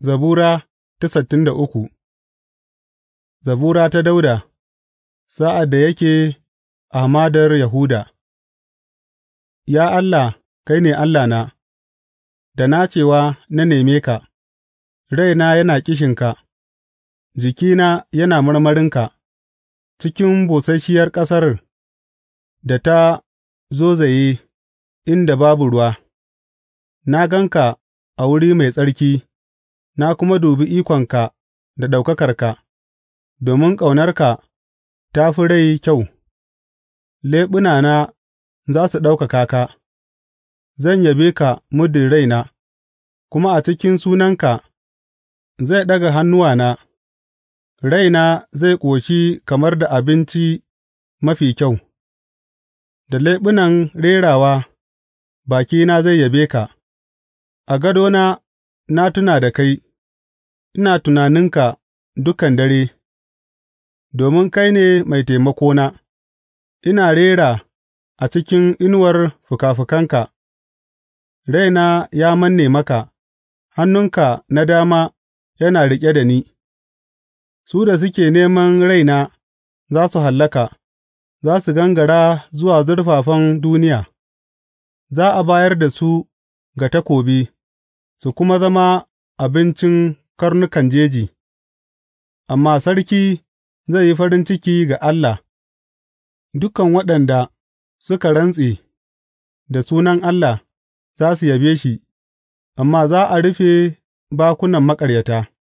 Zabura ta sittin da uku Zabura ta Dauda. sa'ad da yake a hamadar Yahuda Ya Allah, kai ne Allahna, da na cewa na neme ka, raina yana ƙishinka, jikina yana marmarinka, cikin busasshiyar ƙasar da ta zozaye inda babu ruwa, na ganka a wuri mai tsarki. na kuma dubi ikonka da ɗaukakarka, domin ƙaunarka ta fi rai kyau, leɓunana za su ɗaukaka ka, zan yabe ka muddin raina, kuma a cikin sunanka zai ɗaga hannuwana, raina zai ƙoshi kamar da abinci mafi kyau, da leɓunan rerawa bakina zai yabe ka, a gadona na tuna da kai. ina tunaninka dukan dare, domin kai ne mai taimakona; ina rera a cikin inuwar fikafikanka, raina ya manne maka, hannunka na dama yana riƙe da ni; su da suke neman raina za su hallaka, za su gangara zuwa zurfafan duniya, za a bayar da su ga takobi, su kuma zama abincin karnukan jeji, amma sarki zai yi farin ciki ga Allah, dukan waɗanda suka rantse da sunan Allah za su yabe shi, amma za a rufe bakunan maƙaryata.